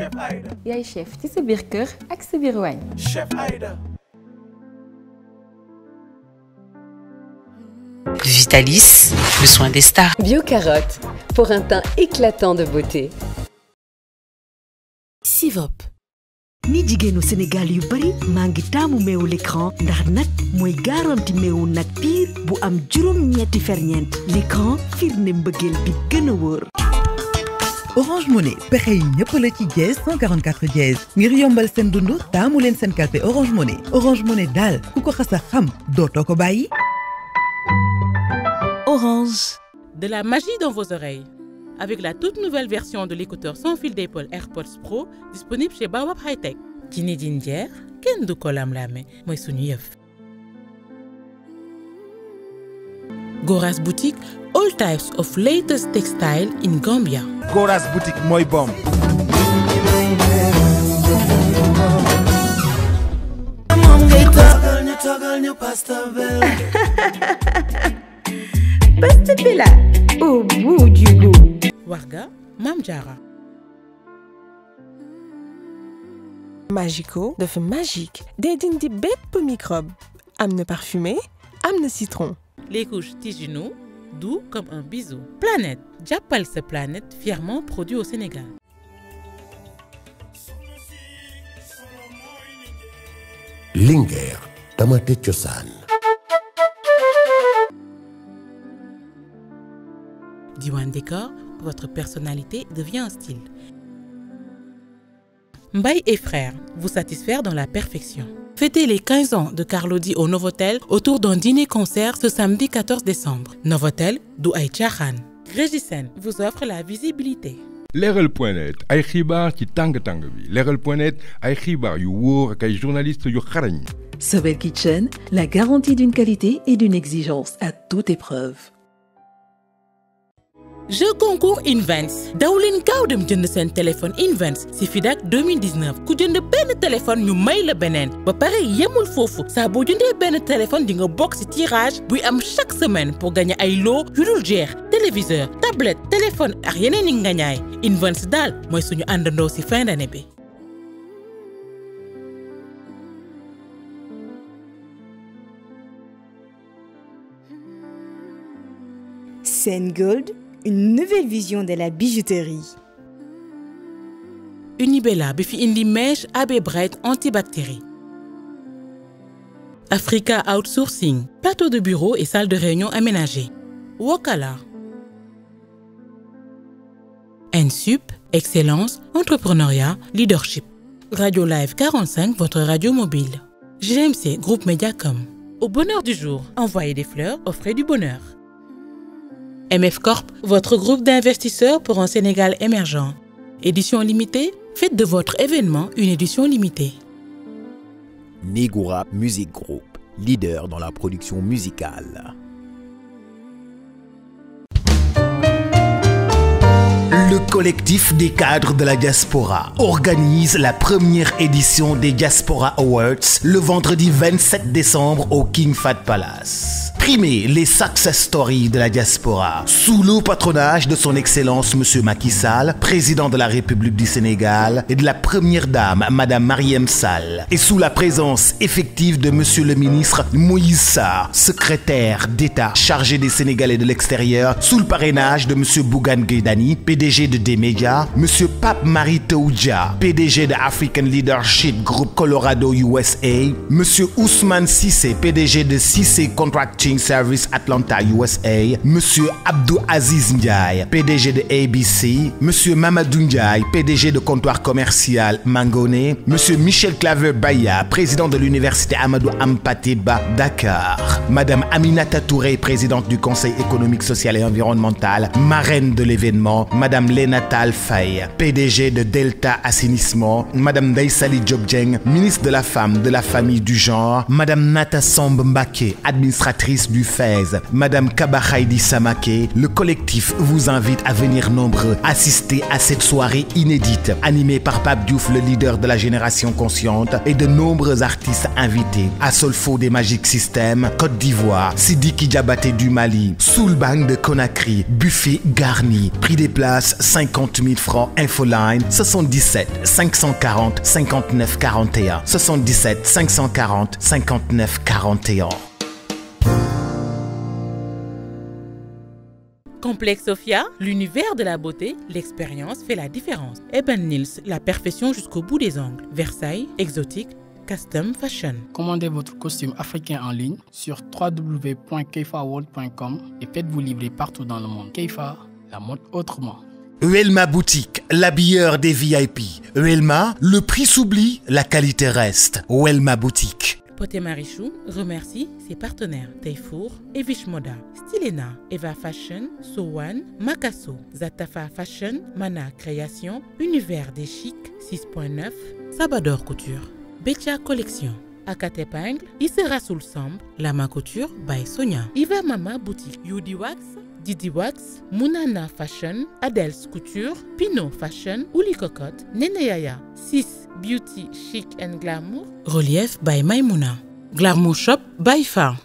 chef Aïda. Yay chef tu sais birker, axe ak chef Aïda. Vitalis, le soin des stars. Biocarotte, pour un teint éclatant de beauté. Sivop. ni au Sénégal yu bari mangi ngi taamu l'écran ndax nak moy garantie meu nak pire bu am juróom-ñetti ferñeent l'écran firnde mbëggeel bi gëna Orange Money pexe yi ñëpp la 144 dièse Miriam yombal seen dund taamu Orange Money Orange Money d'al, ku ko xas Orange. De la magie dans vos oreilles. Avec la toute nouvelle version de l'écouteur sans fil d'Apple AirPods Pro disponible chez Baobab Hightech. Djinedine Ndiaye kenn du ko lam Goras Boutique, all types of latest textile in Gambia. Goras Boutique moi bon. pasta au bout du Warga Mamjara Magico Magico feu magique des dindi microbe Amne parfumé Amne citron les couches tigino, doux comme un bisou. Planète. Japal, ce planète fièrement produit au Sénégal. Linger, Tamate Chosan. Diwan Décor, votre personnalité devient un style. Mbaye et frères vous satisfaire dans la perfection. Fêtez les 15 ans de Carlodi au Novotel autour d'un dîner-concert ce samedi 14 décembre. Novotel du khan. Régisen vous offre la visibilité. L'RL.net, ay Bar ci tangue-tangue. bi leeral.net ay xibaar yu you Sobel Kitchen, la garantie d'une qualité et d'une exigence à toute épreuve. Je concours Invents Dawlin leen dem jënd son téléphone Invents ci FIDAK 2019 ku jënd ben téléphone ñu may la benen. ba paré yemul fofu. Sa bo jëndé ben téléphone di nga de tirage bu am chaque semaine pour gagner ay lot yu dul jeex téléviseur tablette téléphone ak yeneen i ngañaay Invents dal moy suñu àndandoo si fin d'année bi. Sen Gold une nouvelle vision de la bijouterie. Unibella bifi indi mèche AB Africa Outsourcing, plateau de bureau et salle de réunion aménagée. Wokala. NSUP, Excellence, Entrepreneuriat, Leadership. Radio Live 45, votre radio mobile. GMC, Groupe Mediacom. Au bonheur du jour, envoyez des fleurs, offrez du bonheur. MF Corp, votre groupe d'investisseurs pour un Sénégal émergent. Édition limitée, faites de votre événement une édition limitée. nigora Music Group, leader dans la production musicale. Le collectif des cadres de la diaspora organise la première édition des Diaspora Awards le vendredi 27 décembre au King Fat Palace primer les success stories de la diaspora. Sous le patronage de son Excellence Monsieur Macky Sall, président de la République du Sénégal, et de la Première Dame Madame Mariam Sall, et sous la présence effective de Monsieur le ministre Moïse secrétaire d'État chargé des Sénégalais de l'extérieur, sous le parrainage de Monsieur Bougan Gaydani, PDG de Demedia, Monsieur Pape Marie PDG de African Leadership Group Colorado USA, Monsieur Ousmane Sissé, PDG de Sissé Contracting Service Atlanta, USA, Monsieur Abdou Aziz Ndiaye, PDG de ABC, Monsieur Mamadou Ndiaye, PDG de comptoir commercial Mangone, Monsieur Michel Claver Baya, président de l'université Amadou Ampatiba, Dakar, Madame Aminata Touré, présidente du Conseil économique, social et environnemental, marraine de l'événement, Madame Lenatal Faye, PDG de Delta Assainissement, Madame Daisali Jobjeng, ministre de la Femme, de la Famille, du Genre, Madame Nata Mbake, administratrice du Madame Kabahaidi Samake, le collectif vous invite à venir nombreux assister à cette soirée inédite animée par Pape Diouf, le leader de la génération consciente, et de nombreux artistes invités. Asolfo des Magic System, Côte d'Ivoire, Sidi Diabaté du Mali, Soulbang de Conakry, Buffet Garni, prix des places 50 000 francs, Infoline 77 540 59 41, 77 540 59 41. Complexe Sophia, l'univers de la beauté, l'expérience fait la différence. Eben Nils, la perfection jusqu'au bout des ongles. Versailles, exotique, custom fashion. Commandez votre costume africain en ligne sur www.keifaworld.com et faites-vous livrer partout dans le monde. Keifa, la mode autrement. Uelma Boutique, l'habilleur des VIP. Uelma, le prix s'oublie, la qualité reste. Uelma Boutique. Poté Marichou remercie ses partenaires Taifour, Evish Moda, Stilena, Eva Fashion, Sowan, Makasso, Zatafa Fashion, Mana Création, Univers des Chic 6.9, Sabador Couture, Betia Collection, sous le Issera La Lama Couture by Sonia, Eva Mama Boutique, Yudi Wax, Didi Watts, Munana Fashion, Adels Couture, Pino Fashion, Uli Cocotte, Neneaya, 6 Beauty Chic and Glamour, Relief by Maimuna, Glamour Shop by Far.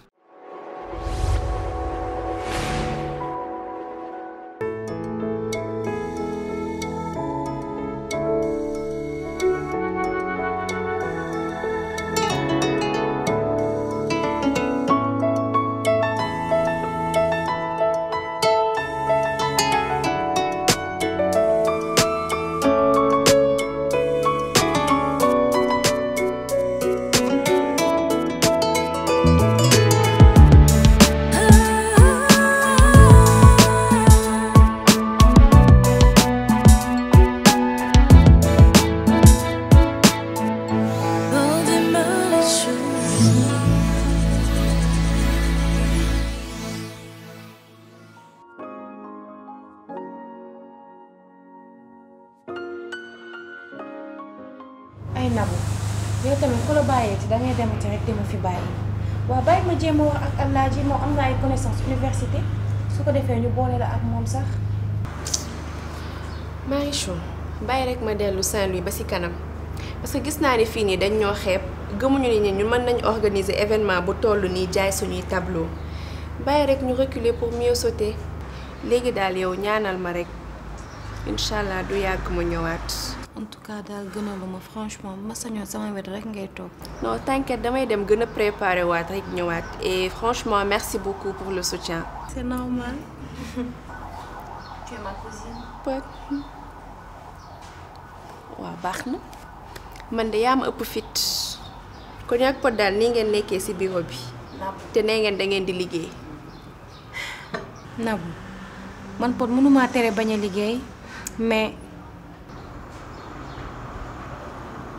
université su ko defee ñu boole la ak moom sax. Marichou bàyyi rek ma dellu Saint-Louis ba ci kanam parce que gis naa ne fii nii dañ ñoo xeeb gëmuñu ni ñu mën nañu organiser événement bu toll nii jaay suñuy tableau bàyyi rek ñu reculer pour mieux sauter léegi daal yow ñaanal ma rek incha allah du yàgg ma ñëwaat. en tout cas daal gënaluma franchement ma sañoon sama wet rek ngay toog. non t'inquiète damay dem gën a préparer waat rek ñëwaat et franchement merci beaucoup pour le soutien. c'est normal. waaw baax na. man de yaa ma ëpp fit. kon yaa Pod daal nii ngeen nekkee ci bureau bi. te nee ngeen da ngeen di liggéey. Nabou man Pod mënumaa tere bañ a liggéey mais.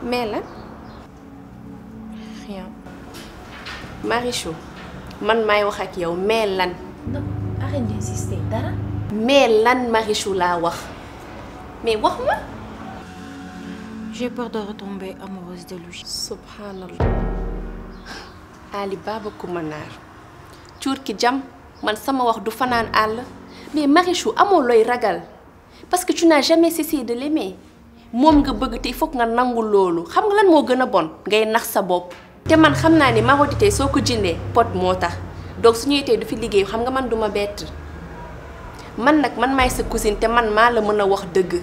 Mel, hein Rien. Marichou, man maay wax ak yow Mel lan. non arrête d'insister dara. Mel lan Marichou la wax mais wax ma. j'ai peur de retomber amoureuse de lui. subhanallah. Ali Baba Koumanaar. cuur ki jam man sama wax du fanaan àll mais Marichou amo loy ragal parce que tu n'as jamais cessé de l'aimer. moom nga bëgg te il faut nga nangu loolu xam nga lan moo gën a bon ngay nax sa bopp te man xam naa ni Marodi soo ko jëndee pot moo tax donc su ñuy du fi liggéey xam nga man duma bett man nag man maay sa cousine te man maa la mën a wax dëgg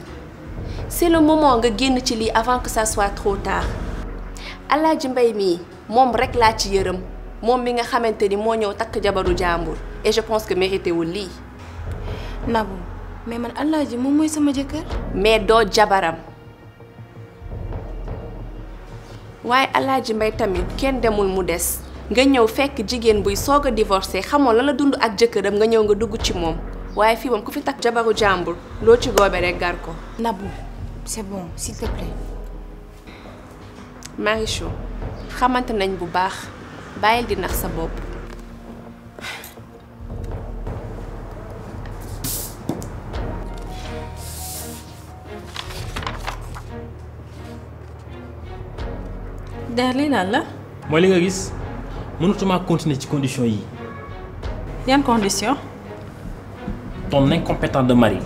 c'est le moment nga génn ci lii avant que ça soit trop tard ji Mbay mii moom rek laa ci yërëm moom mi nga xamante ni moo ñëw takk jabaru jàmbur et je pense que mérité wul lii. Nabou mais man Alaaji moom mooy sama jëkkër. mais doo jabaram. waaye Alaaji Mbay tamit kenn demul mu des nga ñëw fekk jigéen buy soog a divorcé xamoo la la dund ak jëkkëram nga ñëw nga dugg ci moom waaye fii moom ku fi takk jabaru jàmbur loo ci goobe rek gar ko. Nabou c'est bon s'il te plaît. xamante nañ bu baax bàyyil di nax sa bopp. der lii lan la. vois, je nga gis continuer ci condition yi. Quelles condition ton incompétent de mari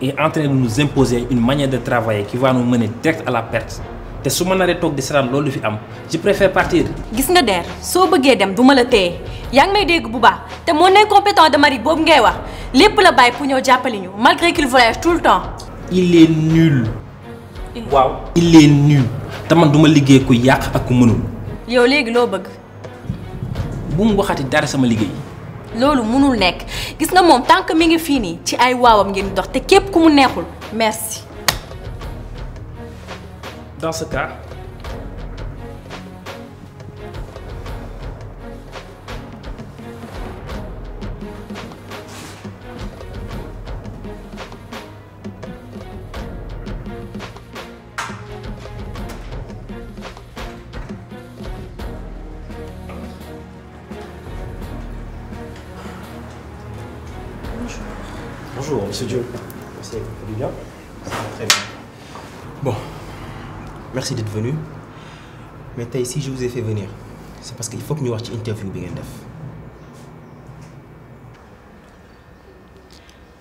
est en train de nous imposer une manière de travailler qui va nous mener direct à la perte te je suis naree di seetaan loolu fi je préfère partir. gis nga der soo je dem du je la téye yaa ngi dégg bu baax te mon incompétent de mari boobu ngay wax lépp la bàyyi pour ñëw jàppali ñu malgré qu'il voyage tout le temps. il est nul. waaw il est nul te liggéey ku yàq ak ku mënul. yow léegi loo bëgg. bu waxati dara sama liggéey. loolu mënul nekk gis nga moom tant que mi ngi fii nii ci ay waawam ngeen dox te képp ku mu neexul merci. dans ce cas. tey si je vous ai fait venir c'est parce qu'il faut que nous wax ci interview bi ngeen def.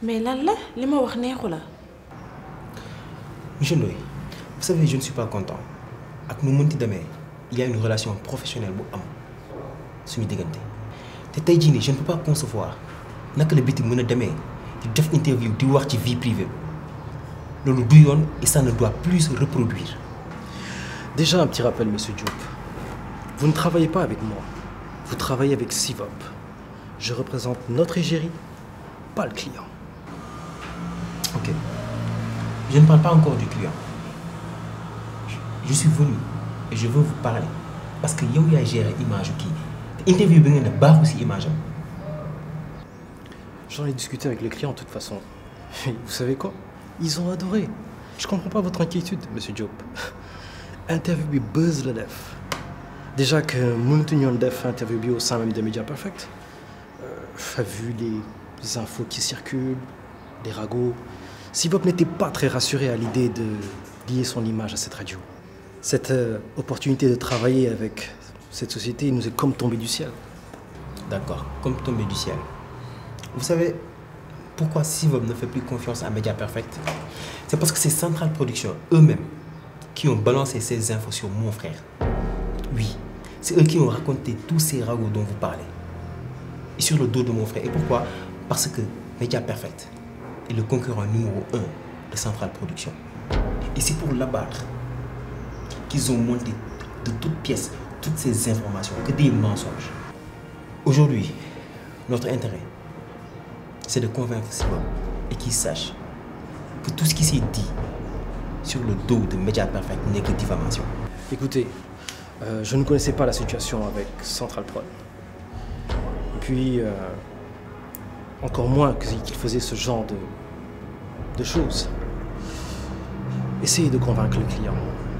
mais là, là, li ma wax neexu la. monsieur Noé, vous savez je ne suis pas content Avec nous mënti demee il y a une relation professionnelle bu am suñu diggante te tey je ne peux pas concevoir naka la biti mën a demee di def interview di wax ci vie privée loolu du et ça ne doit plus se reproduire. Déjà un petit rappel, monsieur Diop. Vous ne travaillez pas avec moi. Vous travaillez avec Sivop. Je représente notre égérie, pas le client. Ok. Je ne parle pas encore du client. Je suis venu et je veux vous parler. Parce que yo gère qui. Interview bien une barre aussi image. J'en ai discuté avec le client de toute façon. Vous savez quoi Ils ont adoré. Je ne comprends pas votre inquiétude, monsieur Diop. interview buzz la déjà que mënatuñu def interview au sein même de Media Perfect euh, vu les infos qui circulent des ragots Sibop n'était pas très rassuré à l'idée de lier son image à cette radio cette euh, opportunité de travailler avec cette société nous est comme tombée du ciel d'accord comme tombée du ciel vous savez pourquoi Sibop ne fait plus confiance à Media Perfect c'est parce que c'est Central Production eux-mêmes qui ont balancé ces infos sur mon frère. Oui, c'est eux qui ont raconté tous ces ragots dont vous parlez. Et sur le dos de mon frère. Et pourquoi Parce que Media Perfect est le concurrent numéro 1 de Central Production. Et c'est pour l'abattre qu'ils ont monté de toutes pièces toutes ces informations, que des mensonges. Aujourd'hui, notre intérêt, c'est de convaincre Simon et qu'il sache que tout ce qui s'est dit sur le dos de Media Perfect n'est que Écoutez, euh, je ne connaissais pas la situation avec Central Prod. Et puis, euh, encore moins qu'il faisait ce genre de, de choses. Essayez de convaincre le client.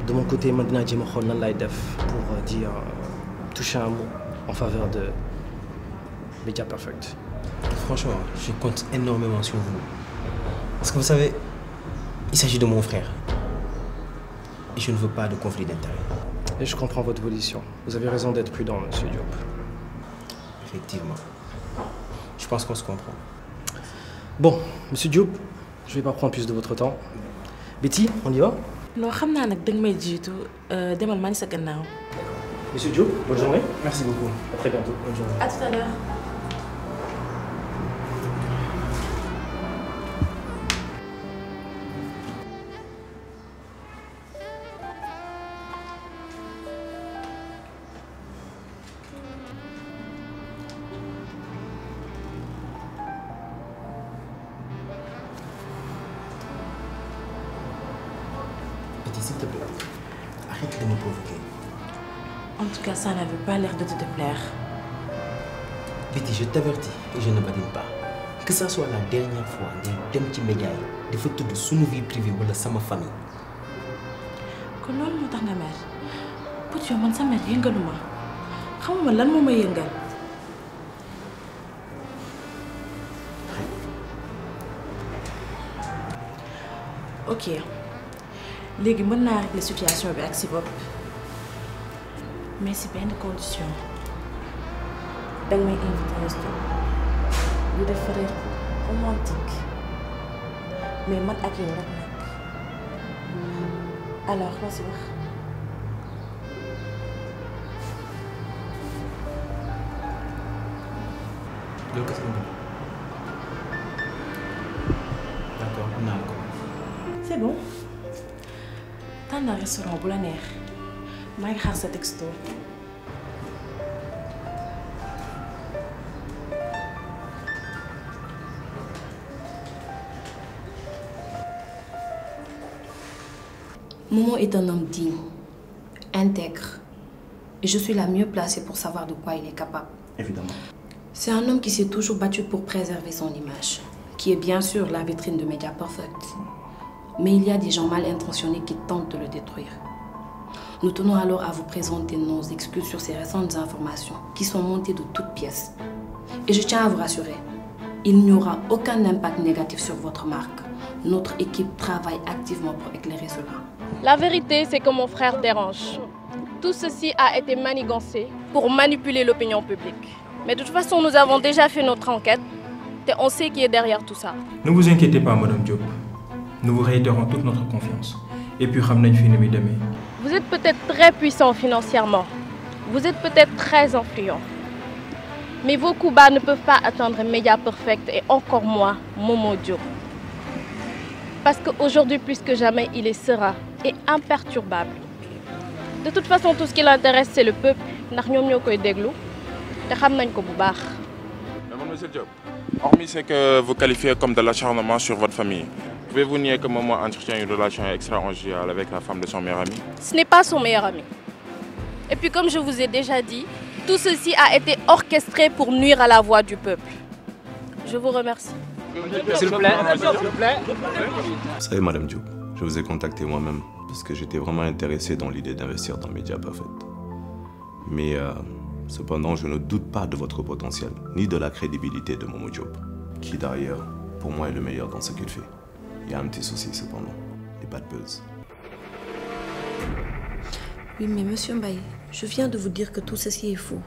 De mon côté, maintenant, j'ai mon pour euh, dire, toucher un mot en faveur de Media Perfect. Franchement, je compte énormément sur vous. Parce que vous savez, il s'agit de mon frère et je ne veux pas de conflit d'intérêts. Et je comprends votre position. Vous avez raison d'être prudent, monsieur Diop. Effectivement. Je pense qu'on se comprend. Bon, monsieur Diop, je ne vais pas prendre plus de votre temps. Betty, on y va Non, je sais que je vais Monsieur Diop, bonne journée. Merci beaucoup. À très bientôt. Bonne journée. À tout à l'heure. t'avertis et je ne badine pas que ça soit la dernière fois ngay dem ci média yi dafa tudd suñu vie privée wala sama famille. kon nous moo tax mère. Pour tuer mon sa mer yëngaluma xamuma lan moo ma yëngal. ok léegi mën naa régler situation bi ak si bopp mais si benn conditions. ben mijn invité Je refereert romantiek. romantique mais man ak yow rek alors loo si wax loolu kese nga d'accord c'est bon tànn restaurant bu la neex sa Momo est un homme digne, intègre. Et je suis la mieux placée pour savoir de quoi il est capable. Évidemment. C'est un homme qui s'est toujours battu pour préserver son image, qui est bien sûr la vitrine de Media Perfect. Mais il y a des gens mal intentionnés qui tentent de le détruire. Nous tenons alors à vous présenter nos excuses sur ces récentes informations qui sont montées de toutes pièces. Et je tiens à vous rassurer, il n'y aura aucun impact négatif sur votre marque notre équipe travaille activement pour éclairer cela. La vérité, c'est que mon frère dérange. Tout ceci a été manigancé pour manipuler l'opinion publique. Mais de toute façon, nous avons déjà fait notre enquête on sait qui est derrière tout ça. Ne vous inquiétez pas, Madame Diop. Nous vous réitérons toute notre confiance. Et puis, une vous êtes peut-être très puissant financièrement. Vous êtes peut-être très influent. Mais vos coups bas ne peuvent pas atteindre Media Perfect et encore moins Momo Diop. Parce qu'aujourd'hui, plus que jamais, il est serein et imperturbable. De toute façon, tout ce qui l'intéresse, c'est le peuple. ndax Mais Diop, hormis ce que vous qualifiez comme de l'acharnement sur votre famille, pouvez-vous nier que Momo entretient une relation extra-conjugale avec la femme de son meilleur ami Ce n'est pas son meilleur ami. Et puis comme je vous ai déjà dit, tout ceci a été orchestré pour nuire à la voix du peuple. Je vous remercie. S'il vous plaît, s'il vous plaît. Vous savez, Madame Diop.. je vous ai contacté moi-même parce que j'étais vraiment intéressé dans l'idée d'investir dans Media Parfait..! Mais euh, cependant, je ne doute pas de votre potentiel, ni de la crédibilité de Momo Diop, qui d'ailleurs, pour moi, est le meilleur dans ce qu'il fait. Il y a un petit souci cependant, pas bad buzz. Oui, mais monsieur Mbaye, je viens de vous dire que tout ceci est faux.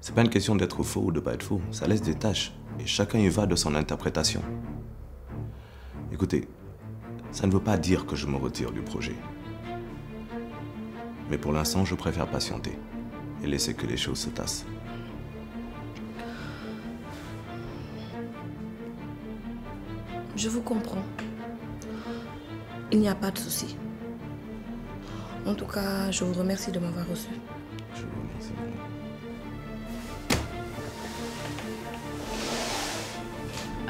C'est pas une question d'être faux ou de pas être faux, ça laisse des tâches et chacun y va de son interprétation. Écoutez, ça ne veut pas dire que je me retire du projet. Mais pour l'instant, je préfère patienter et laisser que les choses se tassent. Je vous comprends. Il n'y a pas de souci. En tout cas, je vous remercie de m'avoir reçu.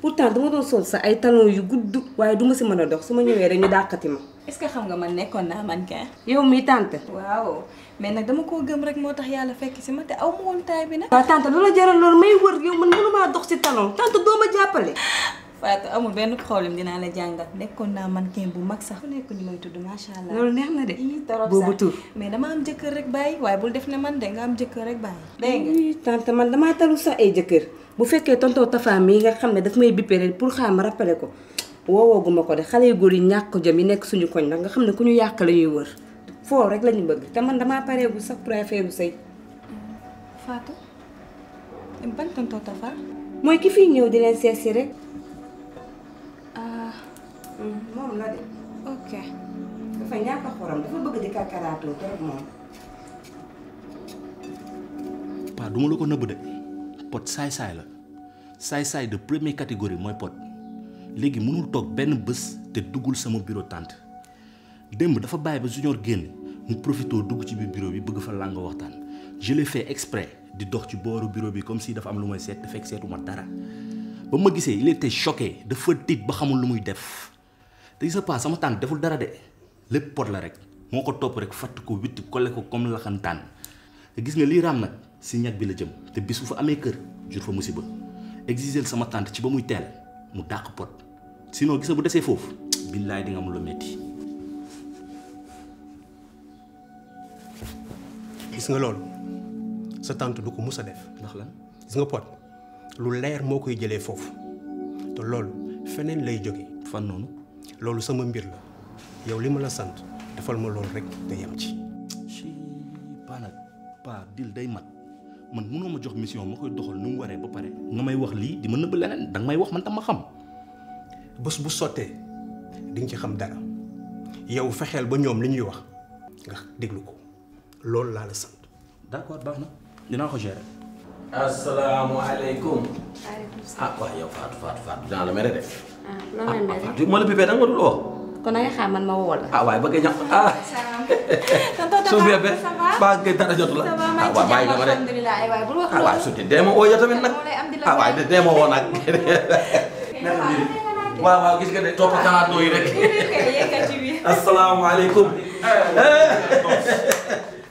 pour pourtant dama doon sol sa ay talons yu gudd waaye duma si mën a dox su ma ñëwee rek ñu dàqati ma. est-ce que xam nga man nekkoon naa mannequin. yow mi tante. waaw mais nag dama koo gëm rek moo tax yàlla fekk si ma te aw ma taay bi nag. waaw tante lu la jaral loolu may wër yow man mënumaa dox si talon tante doo ma jàppale. Fatou amul benn problème dina la nekkon na man mannequin bu mag sax. ku ni ñu may tudd macha allah. loolu neex na de. ii torop mais dama am jëkkeur rek bay way bu def ne man de nga am jëkkeur rek bay de nga tante man dama talu sa ay jëkkeur bu fekke tonto tafa mi nga xamne daf may bipéré pour xaar ma rappelé ko guma ko de xalé yu góor yi ñàkk ko jëm yi nekk suñu koñ nag nga xamne ne ku ñu yàq la ñuy wër fo rek lañu bëgg te man damaa pareegu sax pour affaire sëy. Fatou ban tonto tafa. moy ki fi ñew di len sécé rek mom la de. ok. dafa ñàkk a xorom dafa bëgg di kakarato trop moom. paa du ma la ko pot say say la say say de première catégorie moy pot légui mënul tok ben bés té duggul sama bureau tante demb dafa bàyyi ba junior génn mu profitons dugg ci bi bureau bi bëgg fa lang waxtaan je l'ai fait exprès di dox ci booru bureau bi comme si dafa am lu moy seet fek fekk dara ba ma gisee il était choqué De fait, titre ba xamul lu muy def. te gis nga pas sama tan deful dara de lepp pot la rek moko top rek fat ko ko le ko comme la xam kan tan te gis nga li ram nak si ñak bi la jëm te bisu fa amé kër jur fa musiba exiger sama tan ci ba muy tel mu dak pot sino gis nga bu déssé fofu billahi di nga am lo metti gis nga lool sa tànt du ko musa def ndax lan gis nga pot lu leer mo koy jëlé fofu te lool fenen lay joggé fan nonu loolu sama mbir la yow li ma la sant defal ma loolu rek nga yem ci. si Pa nag Pa dil day mat man mënoo ma jox mission ma koy doxal nu mu waree ba pare nga may wax lii di ma nëbb leneen danga may wax man tam ma xam. bés bu sottee di ci xam dara yow fexeel ba ñoom li ñuy wax nga déglu ko loolu laa la sant. d'accord baax na dinaa ko gérer. asalaamaaleykum. waaleykum salaam ah waaw yow Fatou Fatou Fatou ah noonu lañ mel. ma la bébé danga dul oo. kon na nga xaar man ma woo la. ah waaye ba nga ñax ah. soo bébé ba nga dara jotu la. ah waaw bàyyi dama de ah waaw su dee dee ma woo yow tamit nag ah waaw dee ma woo nag. waaw waaw gis nga de topp kalaandoo yi rek. asalaamaaleykum.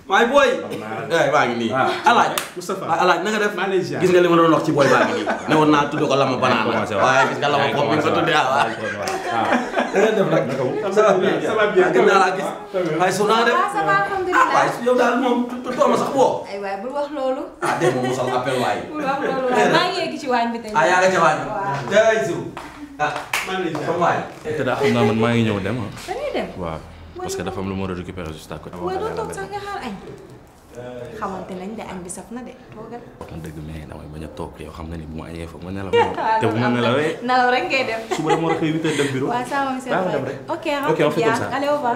My boy, waaye eh, baa ngi nii. Ah. alaaj Moustapha alaaj na nga def. Malaysia gis nga li ma doon wax ci booy baa ngi nii. ne woon naa tudd ko lama banaan la. waaye gis nga lama pop bi nga tuddee ah waaw. dana def nag. ça va bien ça va bien gën naa laa gis. waaye su naa def. ah waaye yow daal moom tuddoo ma sax woo. ay waay bul wax loolu. ah dégg nga ya, mosal appel waay. bul wax loolu waaye ngi yegg ci waañ bi tey. ah yaa nga ca waañ day su. ah man la ñu. comme waay. te xam naa man maa ngi ñëw dem ah. da dem waaw. parce que dafa am lu ma war a récupérer juste à côté. waaw toog sax xaar añ. xamante nañ de añ bi saf na de toogal. wax na dëgg mais damay bañ a toog yow xam na ni bu ma añee fa ma nelaw. nelaw rek ngay def. suba dama war a xëy 8h dem bureau. waaw ça va monsieur Faye ok ok on fait comme ça allez au revoir.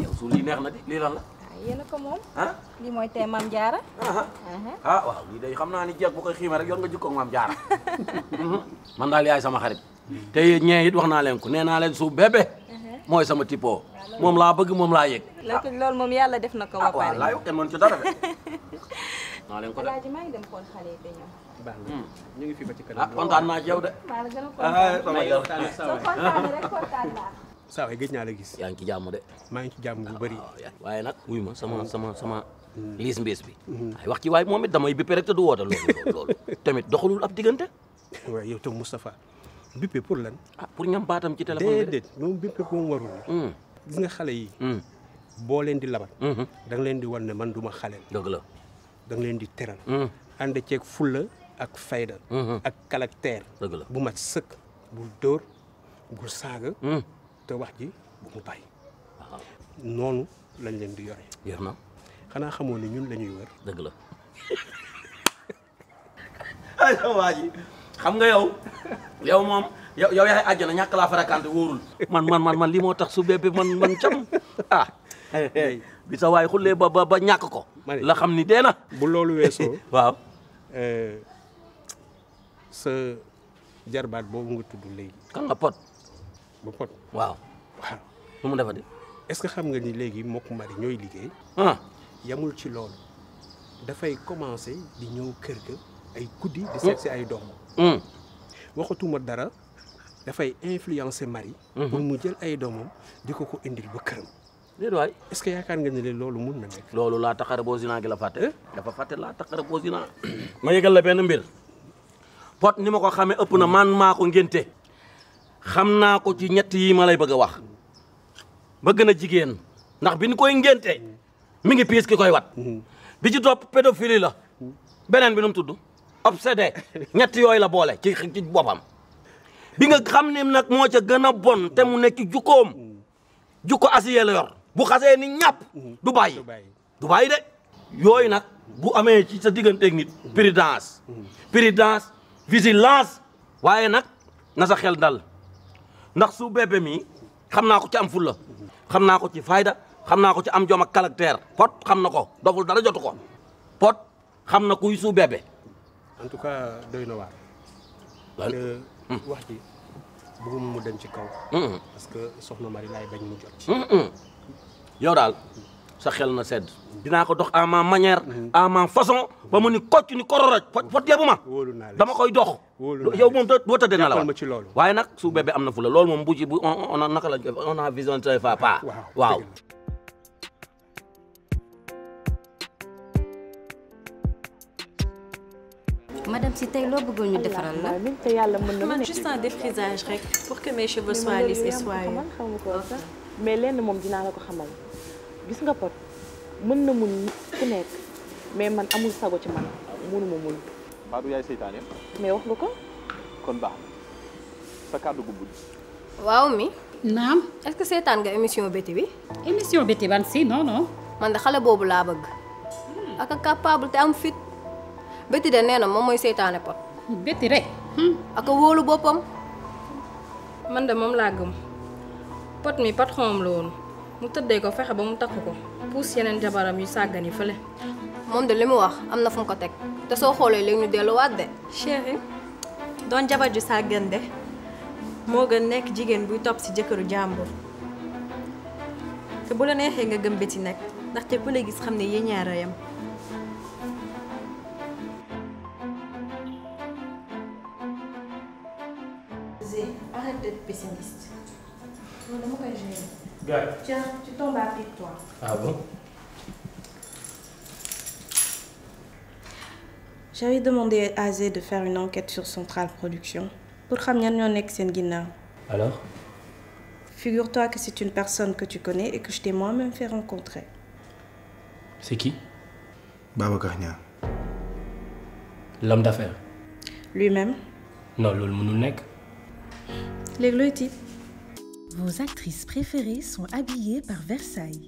Mansour lii neex na di lii lan la. Ah, yéen a ko moom. Ah? lii mooy tey maam Diarra. Ah, uh-huh. ah waaw lii day xam naa ni jeeg bu koy xiimee rek yor nga jikkoog maam Diarra man daal yaay sama xarit te ñee it wax naa leen ko nee naa leen suuf bébé uh-huh. mooy sama tipo moom laa bëgg moom laa yëg. loolu moom yàlla def na ko ba pare. ah waaw laa yokkee dara de. ko def Alaaji ngi saa waay gëj na la gis. yaa ngi ci de. maa ngi ci jàmm ah, bu bari ya. waye nak wuyuma hmm. sama sama sama. Hmm. lis mbiis bi. Hmm. ay wax ci way momit damay bippe rek te du wota loolu loolu tamit doxalul ab diggante. way iya, yow tam mustafa bippe pour lan. ah pour ñam batam ci téléphone bi de. déedéet moom bippe moom warul. gis nga xalé yi. hmm bo len di labat. da nga len di wan man duma xalé xale. la da nga len di teral. ci ak fulla ak fayda. ak caractère. dëgg la bu mat seuk bu dor bu saga hmm te wax ji bu mu bàyyi nonu lañ leen di yoré yerna xana xamone ñun lañuy wër deug la ay waa waji xam nga yow yow mom yow yow yaay àjjana ñàkk laa farakante worul man man man man lii moo tax su bébé man man cham ah hey, bi sa way xullee ba ba ñak ko la xamni ni dee na bu loolu weesoo waaw eh, sa jarbaat boobu nga tuddu léegi kan nga pot ba pot waaw. waaw mu defati. est-ce que xam nga ni léegi mook mari ñooy liggéey. Ah. yamul ci loolu dafay commencer di ñëw kër ga ay guddi. di hmm. seet si ay doomam. Hmm. waxatuma dara dafay influencer Marie. Hmm. pour mu jël ay doomam di ko ko indil ba këram. déedéet waay est-ce que yaakaar nga ne loolu mun na nekk. loolu laa taxara boo zinaa gi la fàtte. Eh? dafa fàtte laa taxara boo zinaa. ma yëgal la benn mbir pot ni ma ko xamee ëpp na man maa ko ngénte. xam naa ko ci ñetti yi ma lay bëgg a wax ba gën a jigéen ndax bi ñu koy ngénte mu ngi piis ki koy wat bi ci topp pédophilie la beneen bi nu tudd tudd obsédé ñetti yooyu la boole ci boppam bi nga xam ne nag moo ca gën a bon te mu nekk jukkoom jukko asiye la yor bu xasee ni ñàpp du bàyyi du bàyyi de yooyu nag bu amee ci sa digganteeg nit prudence visi mm. vigilance waaye nag na sa xel dal ndax su bébé mi xam naa ko ci am fulla xam naa ko ci fayda xam naa ko ci am jom ak pot xam na ko doful dara jotu ko pot xam na kuy su bébé en tout cas doy na waar euh, hmm. wax mu dem ci kaw hmm. que soxna Marie laay bañ jot hmm, yow daal sa xel na sedd dinaa ko dox à ma manière mm. à ma façon ba mu ni kocc ni kororoj fot yebu ma dama koy dox yow ci loolu waaye nag su bébé am na fu la loolu moom bu ci bu on a naka la on a vision de fa pas waaw madame si ñu defaral la man juste un défrisage rek pour que mes cheveux soient lisses et gis nga pot mën na mun ku nekk mais man amul sago ci man munu ma mun baadu yaay seytaane mais wax nga ko kon mi naam est ce que seetaan nga émission béti bi émission no ban si non non man da xale boobu laa bëgg hmm. ak capable te am fit beti de nee mom moy mooy seytaane pot béti rek hmm. ak wolu boppam man de mom laa gëm pot mi patron la woon mu tëddee ko fexe ba mu takk ko puus yeneen jabaram yu sàggani fële. moom de li mu wax am na fu mu ko teg te soo xoolee léegi ñu delluwaat de. chéri doon jabar ju sàggan de moo gën nekk jigéen buy topp ci jëkkëru jàmbur te bu la neexee nga gëm bëti nag ndaxte ku la gis xam ne yéen ñaar a yem. arrête d'être pessimiste. Non, dama koy gérer. Tiens, tu tombes à pied, toi. Ah bon J'avais demandé à Z de faire une enquête sur Central Production pour Guinée. Alors Figure-toi que c'est une personne que tu connais et que je t'ai moi-même fait rencontrer. C'est qui Baba Kanya. L'homme d'affaires Lui-même Non, l'homme Mounonek. Les vos actrices préférées sont habillées par Versailles.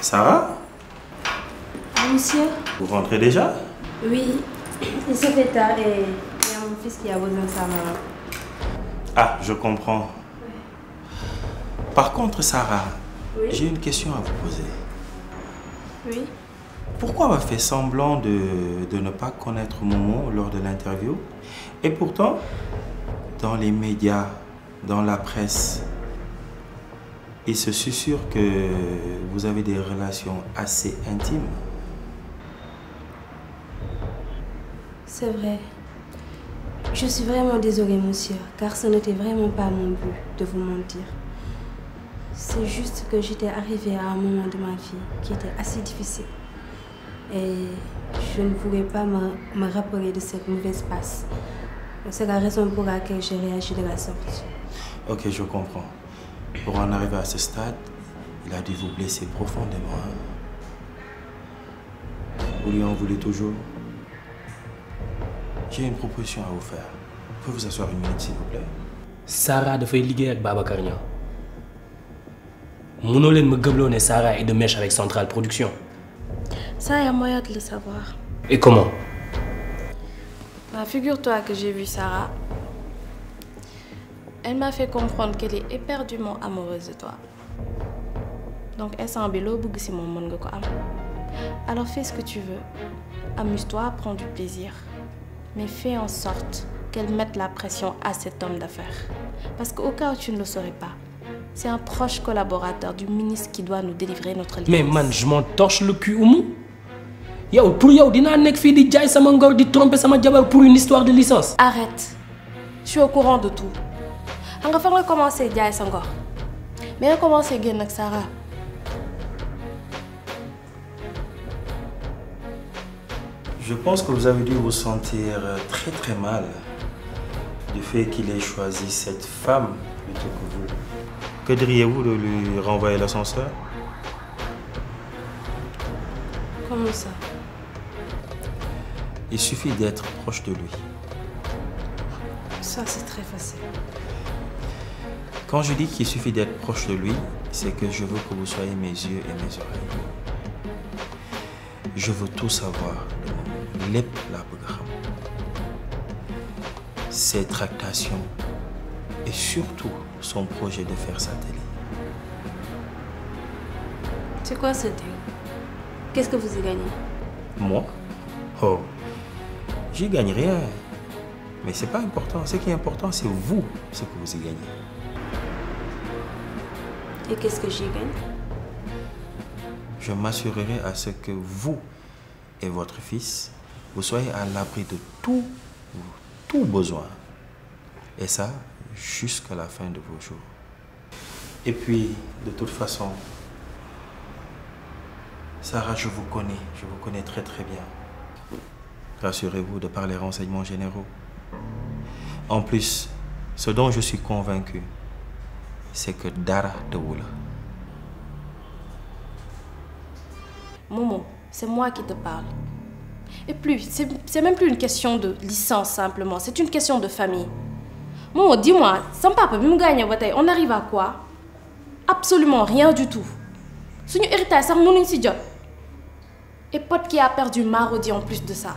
Sarah monsieur. Vous rentrez déjà Oui. Il se fait tard et il y a mon fils qui a besoin de sa maman. Ah, je comprends. Par contre, Sarah, j'ai une question à vous poser. Oui pourquoi m'a fait semblant de, de, ne pas connaître Momo lors de l'interview Et pourtant, dans les médias, dans la presse, il se susurre que vous avez des relations assez intimes. C'est vrai. Je suis vraiment désolée, monsieur, car ce n'était vraiment pas mon but de vous mentir. C'est juste que j'étais arrivée à un moment de ma vie qui était assez difficile et je ne pourrais pas me rappeler de cette mauvaise passe. C'est la raison pour laquelle j'ai réagi de la sorte. Ok, je comprends. Pour en arriver à ce stade, il a dû vous blesser profondément. Hein. Vous lui en voulez toujours J'ai une proposition à vous faire. Pouvez vous asseoir une minute, s'il vous plaît Sarah de liguer avec Baba Karnia. Monolen me Sarah est de mèche avec Central Production. Ça, y a moyen de le savoir. Et comment bah, Figure-toi que j'ai vu Sarah. Elle m'a fait comprendre qu'elle est éperdument amoureuse de toi. Donc, elle s'en c'est mon monde. Alors, fais ce que tu veux. Amuse-toi, prends du plaisir. Mais fais en sorte qu'elle mette la pression à cet homme d'affaires. Parce qu'au cas où tu ne le saurais pas, c'est un proche collaborateur du ministre qui doit nous délivrer notre licence. Mais man, je m'en torche le cul ou mou. Yo, pour yo, dina nek fi di jay sama ngor di tromper sama jabar pour une histoire de licence. arrête je suis au courant de tout xam nga fan nga commencé jaay sa ngor mais nga commencé génn ak Sarah. je pense que vous avez dû vous sentir euh, très très mal du fait qu'il ait choisi cette femme plutôt que vous. Que diriez-vous de lui renvoyer l'ascenseur Comment ça il suffit d'être proche de lui. Ça, c'est très facile. Quand je dis qu'il suffit d'être proche de lui, c'est que je veux que vous soyez mes yeux et mes oreilles. Je veux tout savoir. Ses tractations et surtout son projet de faire satellite. C'est quoi ce deal Qu'est-ce que vous avez gagné..? Moi Oh, j'y gagne rien. Mais ce n'est pas important. Ce qui est important, c'est vous, ce que vous y gagnez. Et qu'est-ce que j'y gagne Je m'assurerai à ce que vous et votre fils, vous soyez à l'abri de tout, tout besoin. Et ça, jusqu'à la fin de vos jours. Et puis, de toute façon, Sarah, je vous connais, je vous connais très très bien rassurez-vous, de par les renseignements généraux. En plus, ce dont je suis convaincu, c'est que Dara te Woula. Momo, c'est moi qui te parle. Et plus, c'est même plus une question de licence simplement, c'est une question de famille. Momo, dis-moi, sans papa, on arrive à quoi Absolument rien du tout. héritage Et pote qui a perdu Marodi en plus de ça.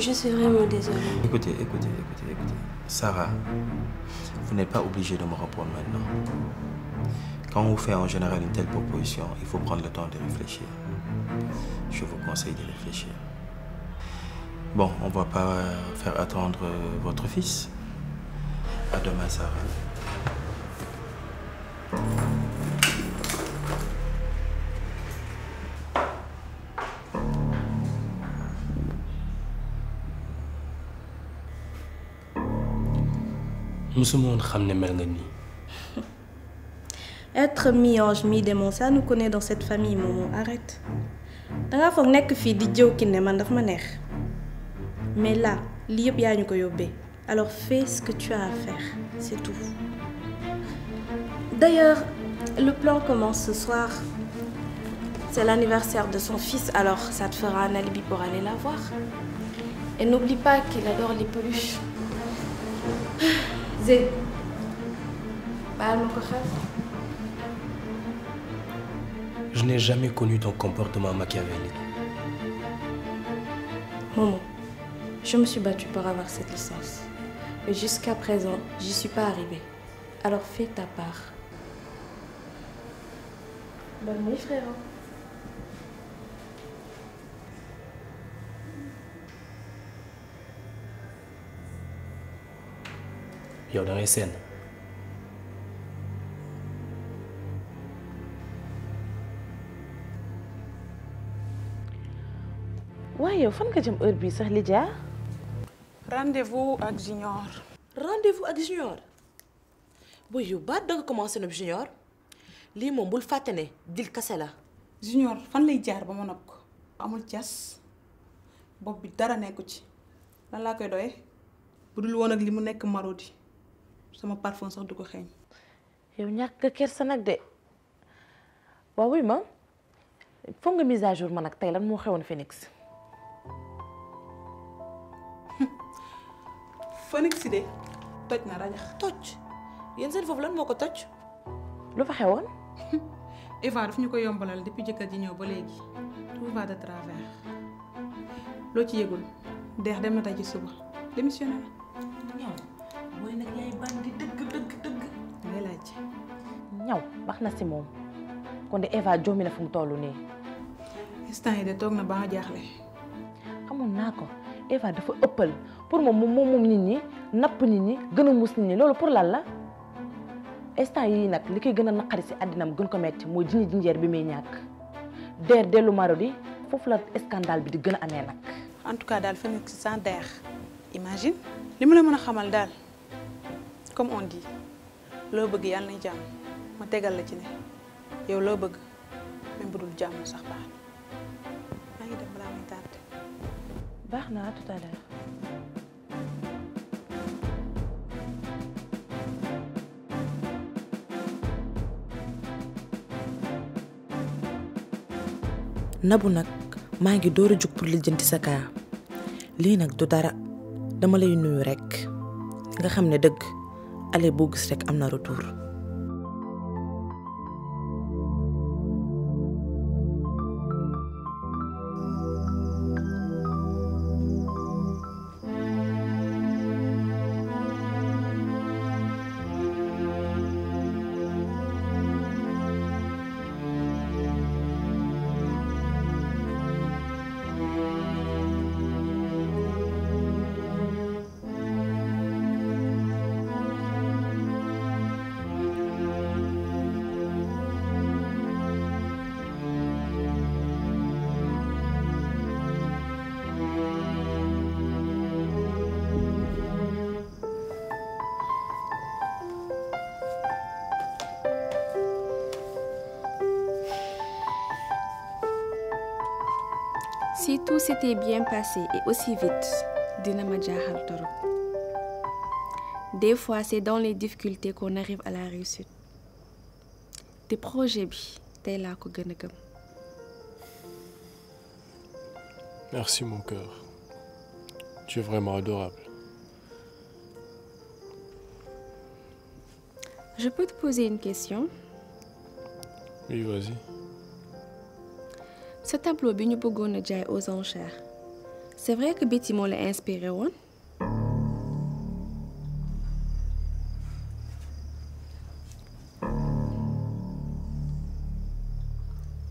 Je suis vraiment désolée. Écoutez, écoutez, écoutez, écoutez. Sarah, vous n'êtes pas obligée de me reprendre maintenant. Quand on vous fait en général une telle proposition, il faut prendre le temps de réfléchir. Je vous conseille de réfléchir. Bon, on ne va pas faire attendre votre fils. À demain, Sarah. Nous xam ne mel nga ni être mi-ange mi-démon ça nous connaît dans cette famille Momo arrête di mais là li yeb yañu alors fais ce que tu as à faire c'est tout. D'ailleurs, le plan commence ce soir. C'est l'anniversaire de son fils, alors ça te fera un alibi pour aller la voir. Et n'oublie pas qu'il adore les peluches je n'ai jamais connu ton comportement machiavélique. Momo, je me suis battue pour avoir cette licence. Mais jusqu'à présent, j'y suis pas arrivée. Alors fais ta part. Bonne nuit, frère. yow da ngay seen waaye yow fan nga jëm heure bii sax li rendez-vous ak junior. rendez-vous ak junior booy yu baat danga commencé nopp junior lii moom bul fàtte ne dil kase la. junior fan lay jaar ba ma nopp ko. amul cas bopp bi dara nekku ci lan laa koy doye bu dul woon ak li mu nekk marodi sama parfum sax du ko xeeñ yow ñàkk kersa nag de waaw wuy ma foog nga mise à jour ma nag tey lan moo xewoon Phoenix Phoenix de toj na rajax toj yéen seen foofu lan moo ko toj lu fa xewoon Eva daf ñu ko yomb yombalal depuis jëkkër ji ñëw ba léegi tout va travers loo ci yëgul deex dem na tey ci suba démissionnaire baax na si kon de Eva jomi na fum tolu ni instant yi de tok na ba nga jaaxle. amoon ko Eva dafa eppal pour mom mom mom nit ñi nap nit ñi gëna mus nit ñi lolu pour lan la instant yi nak likay gëna gën ci adinam gën ko metti moy jini jinjer bi muy ñàkk deer dellu marodi fofu la scandale bi di gëna amé nak en tout cas daal Phénix sans der imagine limu la mëna xamal dal comme on dit lo bëgg yalla na jamm ma tegal la ci yow loo bëgg même bu dul baax na maa nabu nag maa ngi door a jug pour lijjanti sa kaa lii nag du dara dama lay nuyu rekk nga xam ne dëgg ale boo gis rekk am na retour. bien passé et aussi vite, dina Des fois, c'est dans les difficultés qu'on arrive à la réussite. des projets bi là là Merci mon cœur. Tu es vraiment adorable. Je peux te poser une question? Oui, vas-y ce tableau bi ñu bëggoon a jaay aux enchères c'est vrai que Betty moo la inspiré woon.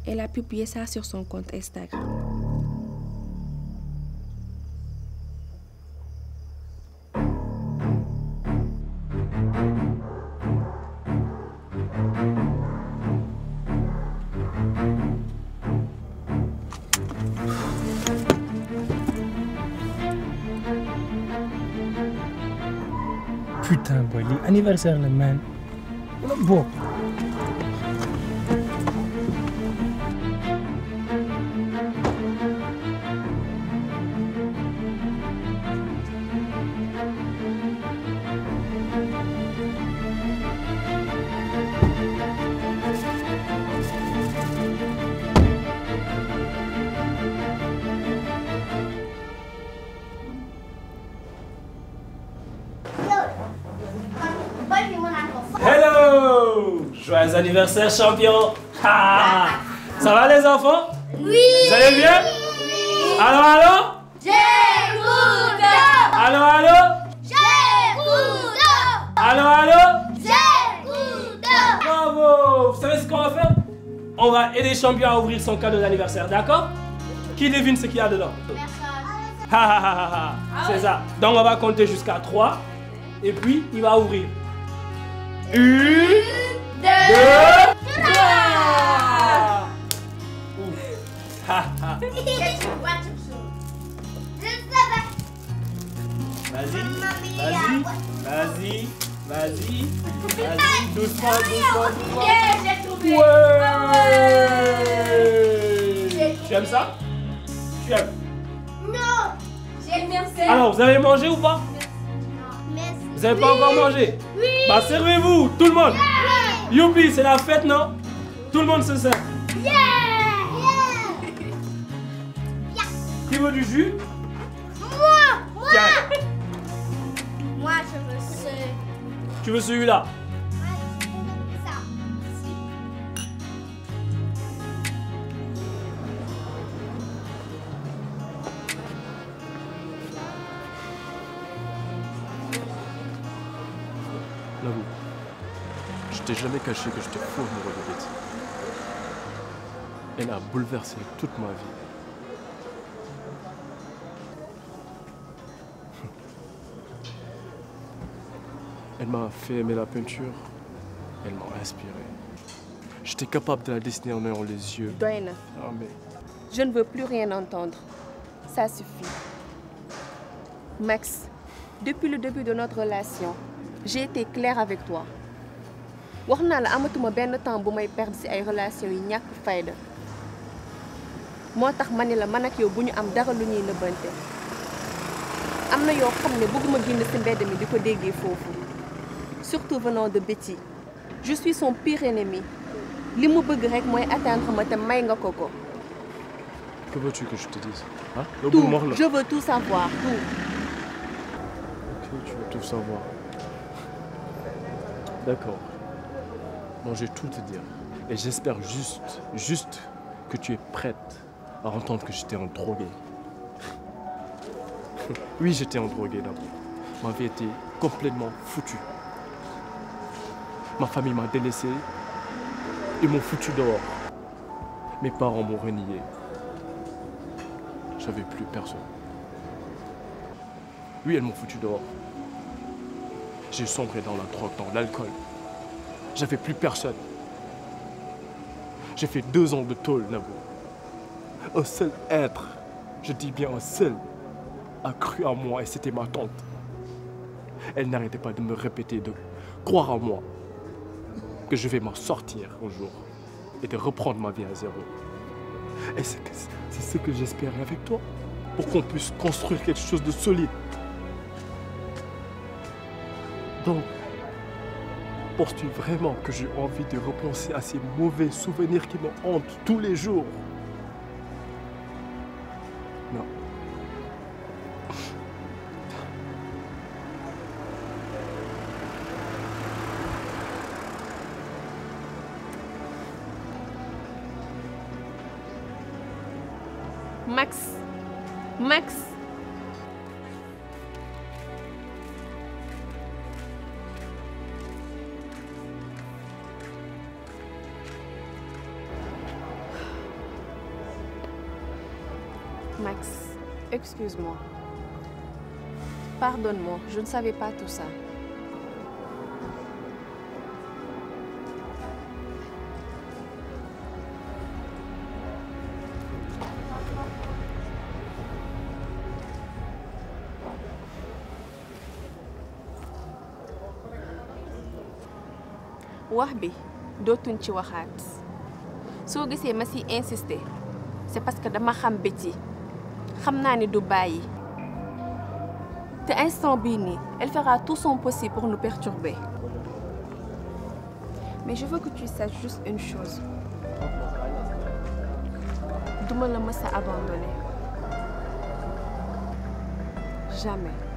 Elle a publié ça sur son compte Instagram. universelle, man. Book. champion. Ça va les enfants Oui. Vous allez bien Allô, allô J'écoute. Allô, allô J'écoute. Allô, allô J'écoute. Bravo. Vous savez ce qu'on va faire On va aider champion à ouvrir son cadeau d'anniversaire, d'accord Qui devine ce qu'il y a dedans ah C'est ça. Donc on va compter jusqu'à 3 et puis il va ouvrir. Une, deux, Vas-y, vas-y, vas-y, vas-y, doucement, doucement, doucement. j'ai trouvé. Ouais. Tu aimes ça Tu aimes Non, j'aime bien ça. Alors, vous avez mangé ou pas Merci. Vous n'avez pas encore mangé Oui. Bah, servez-vous, tout le monde. Youpi, c'est la fête, non Tout le monde se sert. Yeah Qui veut du jus Moi Moi Moi, je veux ce... Tu veux celui-là Là boue. Je t'ai jamais caché que j'étais fou amoureux de Betty. Elle a bouleversé toute ma vie. Elle m'a fait aimer la peinture. Elle m'a inspiré. J'étais capable de la dessiner en ayant les yeux. Dwayne, ah, je ne veux plus rien entendre. Ça suffit. Max, depuis le début de notre relation, j'ai été claire avec toi. je ne sais pas si temps suis may perdre ci ay relations yi ñàkk fayda moo tax ne la man ak yow suis ñu am dara lu ñuy nëbbante am je yoo ne bëgguma génn ci mbedd mi di surtout venant de Betty je suis son pire ennemi li mu je atteindre ma te que veux-tu que je te dise hein? je veux tout savoir tout. ok tu veux tout savoir d'accord bon je vais tout te dire et j'espère juste juste que tu es prête à entendre que j'étais en drogué. oui j'étais en drogué d'abord. ma vie était complètement foutue. Ma famille m'a délaissé. Ils m'ont foutu dehors. Mes parents m'ont renié. J'avais plus personne. Lui, elles m'ont foutu dehors. J'ai sombré dans la drogue, dans l'alcool. J'avais plus personne. J'ai fait deux ans de tôle, Nabo. Un seul être, je dis bien un seul, a cru en moi et c'était ma tante. Elle n'arrêtait pas de me répéter, de croire en moi que je vais m'en sortir un jour et de reprendre ma vie à zéro. Et c'est ce que j'espérais avec toi, pour qu'on puisse construire quelque chose de solide. Donc, penses-tu vraiment que j'ai envie de repenser à ces mauvais souvenirs qui me hantent tous les jours excuse-moi. Pardonne-moi, je ne savais pas tout ça. Wahbi, d'autres. dootuñ ci waxaat soo insisté. insister c'est parce que je xam Betty xam ni instant elle fera tout son possible pour nous perturber mais je veux que tu saches juste une chose Je ne vais pas abandonner jamais